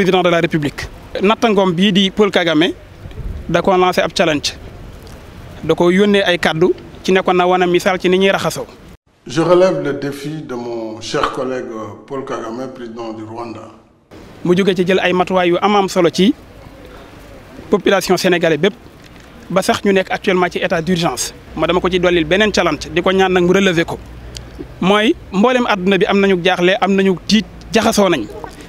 président de la république. nattangoom bii di Paul Kagame da ko lancé ab challenge da ko yónnee ay kàddu ci ne ko na wane ci ni ñuy raxasoo. je relève le défi de mon cher mu jóge ci jël ay matuwaay yu am am solo ci population sénégalais bépp ba sax ñu nekk actuellement ci état d'urgence ma dama ko ci dollil beneen challenge di ko ñaan nag mu relever ko mooy mboolem àdduna bi am nañu jaaxle am nañu tiit jaxasoo nañ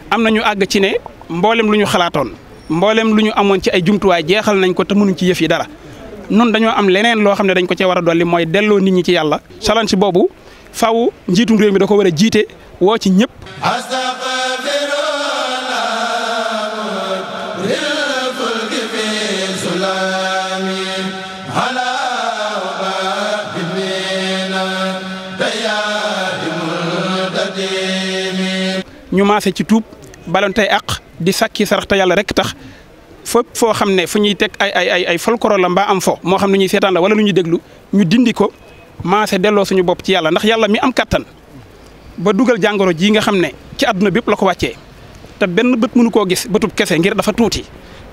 am nañu àgg ci ne. mboolem lu ñu xalaatoon mboolem lu ñu amoon ci ay jumtuwaay jeexal nañ ko te mënuñ ci yëf yi dara nun dañoo am leneen loo xam ne dañ ko cee war a dolli mooy delloo nit ñi ci yàlla challenge boobu faw njiitum réew mi da ko war a jiite woo ci ñëpp. ñu maase ci tuub balon tey ak di sakki sarax te yàlla rek tax fépp foo xam ne fu ñuy teg ay ay ay ay folklore la mbaa am fo moo xam ne ñuy seetaan la wala lu ñuy déglu ñu dindi ko maase delloo suñu bopp ci yàlla ndax yàlla mi am kattan ba dugal jàngoro jii nga xam ne ci àdduna bépp la ko wàccee te benn bët mënu koo gis bëtub kese ngir dafa tuuti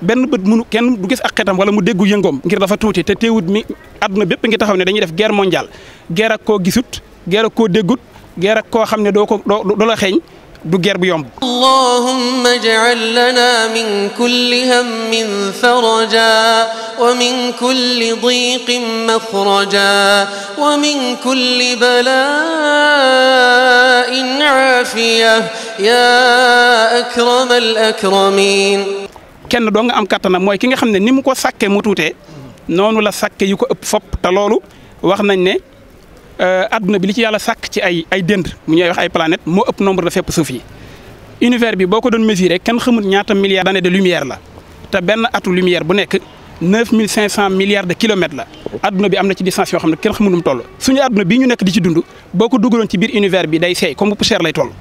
benn bët mënu kenn du gis ak xetam wala mu déggu yëngoom ngir dafa tuuti te teewut mi àdduna bépp ngi taxaw ne dañuy def guerre mondiale guerre ak koo gisut guerre ak koo déggut guerre ak koo xam ne doo ko doo la xeeñ du guerre bu yomb allahumma ij'al lana min kulli hammin faraja wa min kulli diqin makhraja wa min kulli bala'in afiya ya akram al akramin kenn doo nga am kattanam mooy ki nga xam ne ni mu ko sàkkee mu tuutee noonu la sàkkee yu ko ëpp fopp te loolu wax nañ ne àdduna euh, bi li ci yàlla sàkk ci ay ay dënd mu ñuy wax ay planète moo ëpp nombre de fépp suuf yi univers bi boo ko doon mesurer kenn xamul ñaata milliards d'années de lumière la te benn atu lumière bu nekk 9500 milliards de kilomètres la adduna bi am na ci distance yoo xam ne kenn xamul nu mu toll suñu adduna bii ñu nekk di ci dund boo ko dugaloon ci biir univers bi day seey comme bu poussière lay toll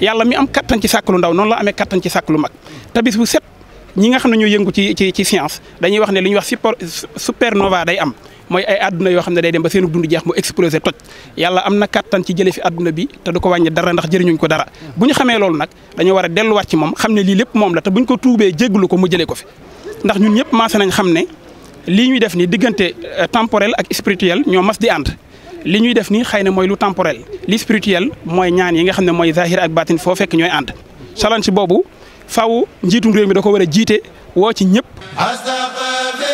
yàlla mi am kattan ci sàkk lu ndaw noonu la amee kattan ci sàkk te bis bu ne ñoo yëngu ci ci ci science dañuy wax ne li ñuy wax supernova day am mooy ay àdduna yoo xam ne day dem ba seenu dund jeex mu explosé toj yàlla am na kàttan ci jële fi àdduna bi te du ko wàññi dara ndax jëriñuñ ko dara bu ñu xamee loolu nag dañoo war a delluwaat ci moom xam ne lii lépp moom la te buñ ko tuubee jéglu ko mu jëlee ko fi ndax ñëpp maase xam ne lii ñuy def nii diggante euh, temporel ak spirituel ñoo mas di ànd li ñuy def nii xëy na mooy lu temporel li spirituel mooy ñaan yi nga xam ne mooy zahir ak batin foo fekk ñooy ànd challenge boobu faw njiitum réew mi da ko war a jiite woo ci ñëpp